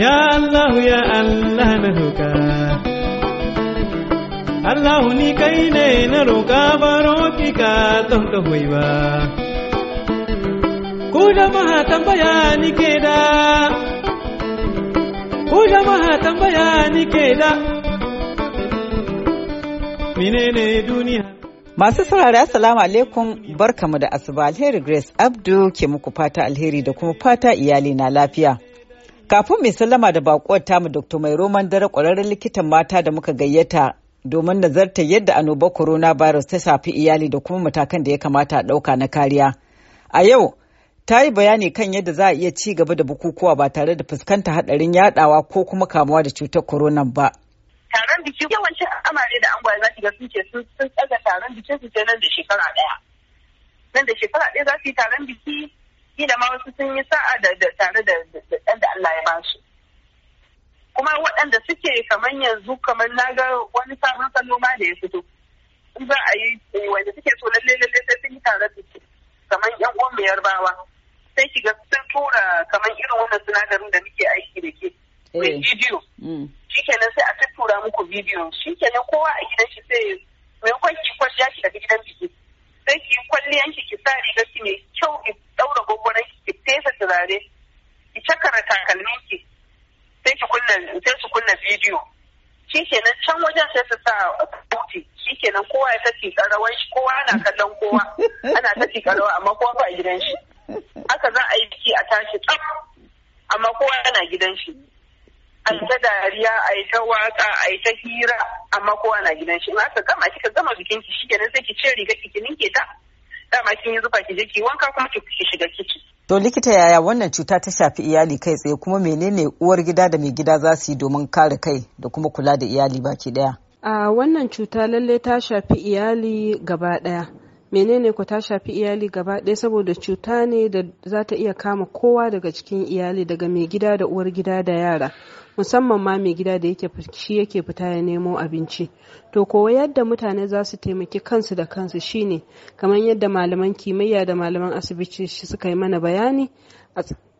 Ya Allah ya Allah na roƙa Allah ni kai ne na roƙa baro ki ka don ka hoyi ba Ku jama'a tambaya ni ke da Ku jama'a tambaya ni ke da Menene duniya Masu saurari Assalamu alaikum barkamu da asuba alheri Grace Abdu ke muku fata alheri da kuma fata iyali na lafiya. Kafin mai sallama da bakuwar tamu Dr. Mai Roman dare kwararren likitan mata da muka gayyata domin nazartar yadda annobar coronavirus ta shafi iyali da kuma matakan da ya kamata a ɗauka na kariya. A yau, ta yi bayani kan yadda za a iya ci gaba da bukukuwa ba tare da fuskanta haɗarin yaɗawa ko kuma kamuwa da cutar corona ba. Taron biki yawancin amare da angwaye za su ga sun ce sun tsaga taron biki su ce nan da shekara ɗaya. Nan da shekara ɗaya za su yi taron biki da ma wasu sun yi sa'a da tare da da Allah ya bashi. kuma waɗanda suke kamar yanzu kamar na ga wani sabon salo ma da ya fito in za a yi eh, wanda suke so lalle lalle sai sun yi tare da su kamar yan uwan mu yarbawa sai ki ga sun tura kamar irin wannan sinadarin da muke aiki da ke eh. bidiyo mm. shikenan sai a tattura muku bidiyo shikenan kowa a gidan shi sai maimakon ki kwashe shi daga gidan biki sai ki kwalliyan ki ki sa rigar ki mai kyau ki ɗaura gwangwanin ki fesa turare ki cakara takalmin ki sai ki kunna sai su kunna bidiyo shikenan can wajen sai su sa buti shikenan kowa ya tafi tika shi kowa ana kallon kowa ana tafi karawa amma kowa ba a gidan shi haka za a yi biki a tashi tsaf amma kowa yana gidan shi a ta dariya a yi ta waka a yi ta hira amma kowa na gidan shi ma aka gama kika gama bikin ki shikenan sai ki ce riga ki ninke ta dama kin yi zufa ki je ki wanka kuma ki shiga kici to likita yaya wannan cuta ta shafi iyali kai tsaye kuma menene uwar gida da mai gida za su yi domin kare kai da kuma kula da iyali baki daya a wannan cuta lalle ta shafi iyali gaba daya menene ku ta shafi iyali gaba ɗaya saboda cuta ne da za ta iya kama kowa daga cikin iyali daga mai gida da uwar gida da yara musamman ma mai gida da yake shi yake fita ya nemo abinci to kowa yadda mutane za su taimaki kansu da kansu shine kamar yadda malaman kimiyya da malaman asibiti suka yi mana bayani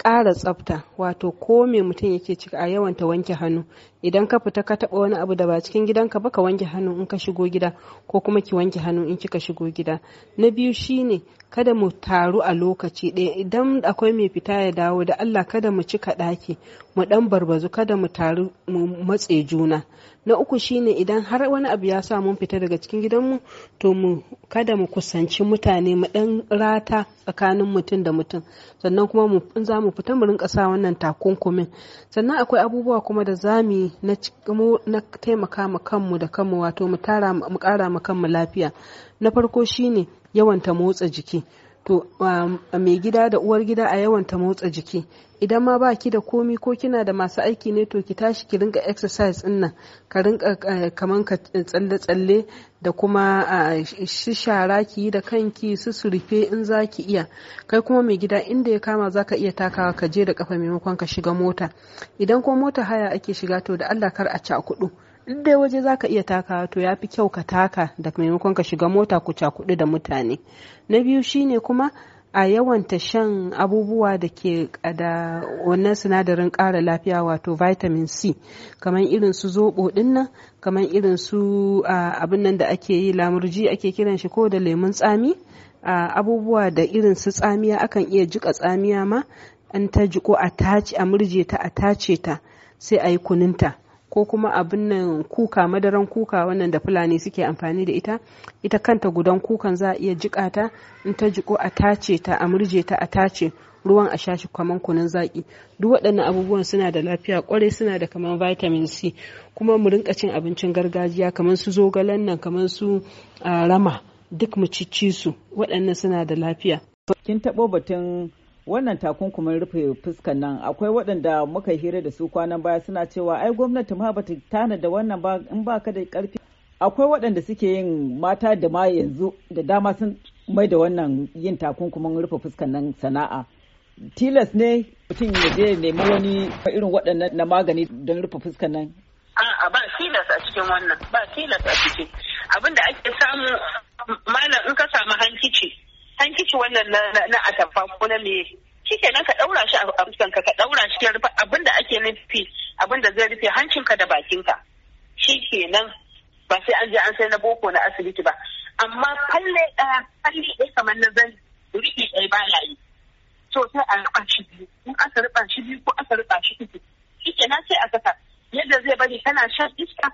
ƙara tsafta wato ko me mutum yake ciki a yawan ta wanke hannu idan ka fita ka taɓa wani abu da ba cikin gidan ka ba ka wanke hannu in ka shigo gida ko kuma ki wanke hannu in kika shigo gida na biyu shine kada mu taru a lokaci ɗaya idan akwai mai fita ya dawo da Allah kada mu cika ɗaki mu ɗan barbazu kada mu taru mu matse juna na uku shine idan har wani abu ya sa mun fita daga cikin gidanmu to mu kada mu kusanci mutane mu ɗan rata tsakanin mutum da mutum sannan kuma mu in za mu mu fita mu rinka sa wannan takunkumin sannan akwai abubuwa kuma da zami na na taimaka ma kanmu da kanmu wato mu tara mu kara ma kanmu lafiya na farko shine yawan ta motsa jiki to um, mai gida da uwar gida a ta motsa jiki idan ma baki da komi ko kina da masu aiki ne to ki tashi ki rinka exercise din nan ka rinka eh, kaman ka eh, tsalle tsalle da kuma eh, shi shara ki yi da kanki su su rufe in za ki iya kai kuma mai gida inda ya kama za ka iya takawa ka je da kafa maimakon ka shiga mota idan ko mota haya ake shiga to da allah kar a ci a cakudu da dai waje za ka iya taka to ya fi kyau ka taka da maimakon ka shiga mota ku cakudu da mutane na biyu shine kuma a yawanta shan abubuwa da ke da wannan sinadarin ƙara lafiya wato vitamin c kamar irin su zobo dinnan kamar irin su abin nan da ake yi lamurji ake kiran shi ko da lemun tsami abubuwa da irin su tsamiya akan iya jika tsamiya ma an ta jiko a tace a murje ta a tace ta sai a yi kuninta ko kuma abin nan kuka madaran kuka wannan da fulani suke amfani da ita ita kanta gudan kukan za a iya jika ta in ta jiko a tace ta a murje ta a tace ruwan a shashi kaman kunun zaki duk waɗannan abubuwan suna da lafiya kwarai suna da kaman vitamin c kuma mu rinka cin abincin gargajiya kamar su zogalen nan kaman su ah, rama duk mu ci su waɗannan suna da lafiya kin taɓo batun wannan takunkumin rufe fuskan nan akwai waɗanda muka hira da su kwanan baya suna cewa ai gwamnati ma bata tana da wannan ba in ba ka da karfi akwai waɗanda suke yin mata da ma yanzu da dama sun mai da wannan yin takunkumin rufe fuskan nan sana'a tilas ne mutum ya je nemi wani irin waɗannan na magani don rufe fuskan nan a'a ba tilas a cikin wannan ba tilas a cikin abin da ake samu malam in ka samu hankici an kici wannan na atamfa ko na me shikenan ka daura shi a fuskan ka daura shi ya rufe abin da ake nufi abin da zai rufe hancinka da bakin ka shikenan ba sai an je an sai na boko na asibiti ba amma falle ɗaya falle ɗaya kamar na zan rufe ɗaya ba yi so sai a rufa shi biyu in aka rufa shi biyu ko aka rufa shi uku shikenan sai a saka yadda zai bari kana shan iska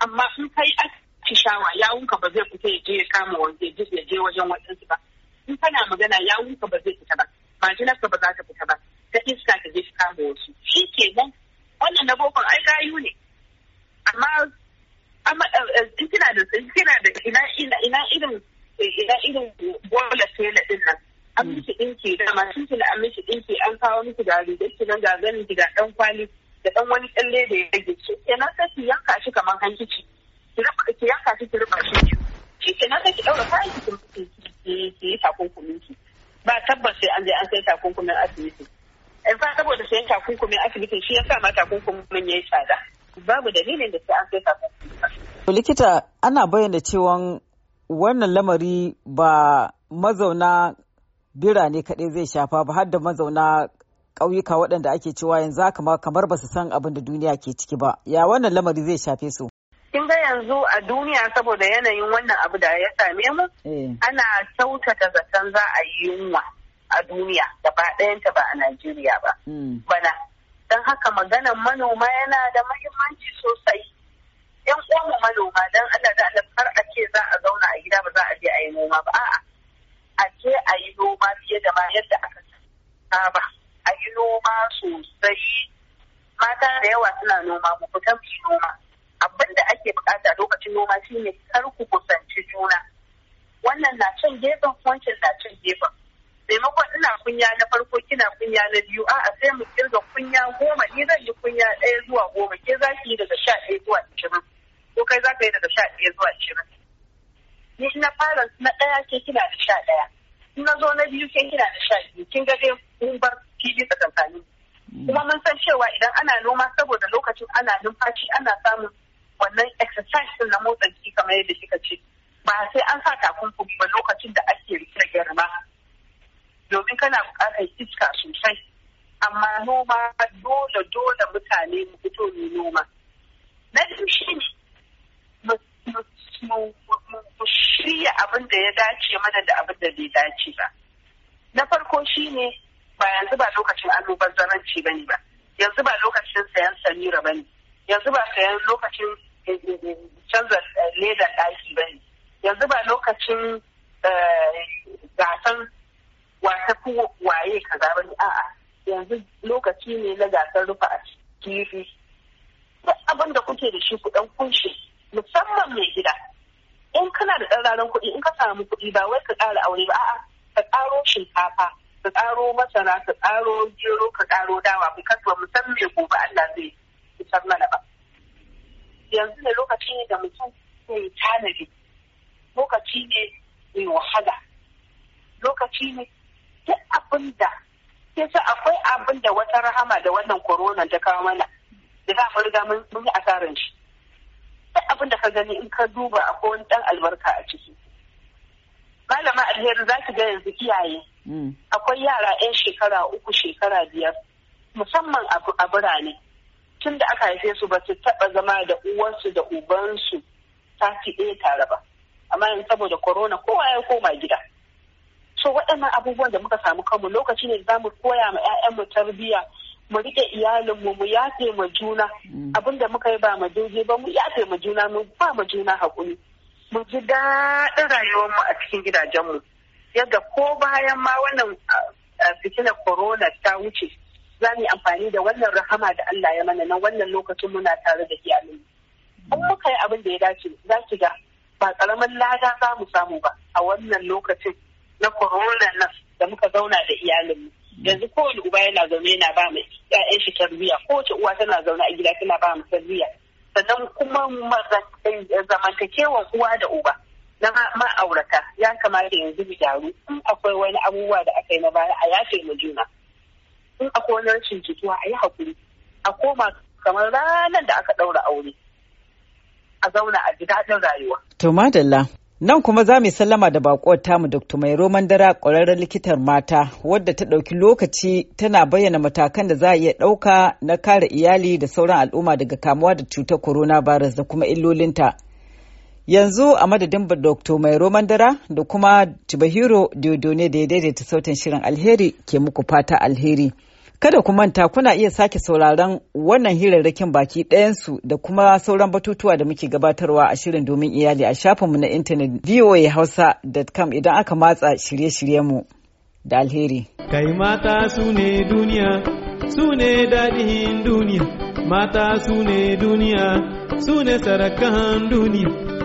amma in kai ya yawunka ba zai fita ya je ya kama waje ya je wajen waɗansu ba in kana magana ya wuka ba zai fita ba majinar ka ba za ta fita ba ta iska ta je ta kama wasu shi nan wannan na bokon ai gayu ne amma amma eh, eh, in kina da kina da ina ina irin eh, ina irin bola tela din nan an miki dinki da masu kina an miki dinki an kawo miki da rigar ki nan ga ganin ki ga dan kwali da dan wani kalle da ya rage shi kenan sai ki yanka shi kamar hankici ki yanka shi ki rufa shi shi kenan sai ki daura kai ki kuma ki yi takunkumin ki ba tabbas sai an je an sai takunkumin asibiti in fa saboda sai takunkumin asibiti shi yasa ma takunkumin yayi tsada babu dalilin da sai an sai takunkumin likita ana bayyana cewa wannan lamari ba mazauna birane kaɗai zai shafa ba har da mazauna ƙauyuka waɗanda ake cewa yanzu haka kamar ba su san abin da duniya ke ciki ba ya wannan lamari zai shafe su kin ga yanzu a duniya saboda yanayin wannan abu da ya same mu eh. ana sautata zaton za a yi yunwa a duniya gaba ɗayanta ba a Najeriya ba. Hmm. Bana don haka maganan manoma yana da mahimmanci sosai. Yan uwanmu manoma don Allah da Allah a ce za a zauna a gida ba za a je a yi noma ba. A'a a ce a yi noma fiye da ma yadda aka saba. A yi noma sosai. Mata da yawa suna noma mu fita mu yi noma. abin da ake bukata lokacin noma shine ne ku kusanci juna wannan na can gefen wancan na can gefen maimakon ina kunya na farko kina kunya na biyu a sai mu kirga kunya goma ni zan yi kunya ɗaya zuwa goma ke za ki yi daga sha ɗaya zuwa ashirin ko kai za ka yi daga sha ɗaya zuwa ashirin ni na fara na ɗaya ke kina da sha ɗaya na zo na biyu ke kina da sha biyu kin ga dai kun bar fili tsakankanin kuma mun san cewa idan ana noma saboda lokacin ana numfashi ana samun da abin da bai dace ba na farko shi ne ba yanzu ba lokacin annobar bane ba ba yanzu ba lokacin sayan samira ba ne, yanzu ba sayan lokacin eh, eh, eh, canza ledar ɗaki ne, yanzu ba lokacin gasan wata waye kaza ne a'a yanzu lokaci ne na gasar rufa a kifi duk abin da kuke da shi ku kunshi musamman mai gida in kana da ɗan ranar kuɗi in ka samu kuɗi ba wai ka ƙara aure ba a'a ka ƙaro shinkafa ka ƙaro masara ka ƙaro gero ka ƙaro dawa mu kasuwa mu san me gobe Allah zai fitar mana ba yanzu ne lokaci ne da mutum zai tanadi lokaci ne mai wahala lokaci ne duk abin da yasa akwai abin da wata rahama da wannan korona ta kawo mana da za mu riga mun yi asarar shi duk abin da ka gani in ka duba akwai wani dan albarka a ciki malama alheri za ki ga yanzu kiyaye. Hmm. akwai yara 'yan shekara uku shekara biyar musamman a birane tun da aka haife su ba su taɓa zama da uwansu da ubansu sati ɗaya tare ba amma yanzu saboda corona kowa ya koma gida so waɗannan abubuwan da muka samu kanmu lokaci ne za mu koya ma 'ya'yanmu tarbiyya mu rike iyalin mu mu yafe ma juna mm. abinda muka yi ba ma doge ba mu yafe ma juna mu ba ma juna hakuri mu ji daɗin rayuwar mu a cikin gidajen mu yadda ko bayan ma wannan fitina corona ta wuce za mu yi amfani da wannan rahama da Allah ya mana nan wannan lokacin muna tare da iyalin mu muka yi abin da ya dace za ki ga ba karamin lada za mu samu ba a wannan lokacin na corona nan da muka zauna da iyalinmu mm. yanzu kowane uba yana zaune yana ba mai 'ya'yan shi tarbiyya kowace uwa tana zaune a gida tana ba mu tarbiyya sannan kuma eh, zamantakewar uwa da uba na ma'aurata ya kamata yanzu mu gyaru in akwai wani abubuwa da aka yi na baya a yafe mu juna in akwai wani rashin jituwa a yi hakuri a koma kamar ranar da aka ɗaura aure a zauna a ji daɗin rayuwa. To madalla Nan kuma za mu sallama da bakuwar tamu Dr. Mai Roman Dara ƙwararren likitar mata wadda ta ɗauki lokaci tana bayyana matakan da za a iya ɗauka na kare iyali da sauran al'umma daga kamuwa da cutar corona coronavirus da kuma illolinta. Yanzu a madadin Dr. Mai Roman Dara da kuma Tibahiro Diodone da ya daidaita sautin shirin alheri ke muku fata alheri. Kada ku manta kuna iya sake sauraron wannan hirarrakin baki ɗayansu da kuma sauran batutuwa da muke gabatarwa a shirin domin iyali a shafinmu na intanet voahausa.com idan aka matsa shirye-shiryenmu da alheri. Kai mata su ne duniya, su ne daɗin duniya, mata su ne duniya, su ne sarakan duniya.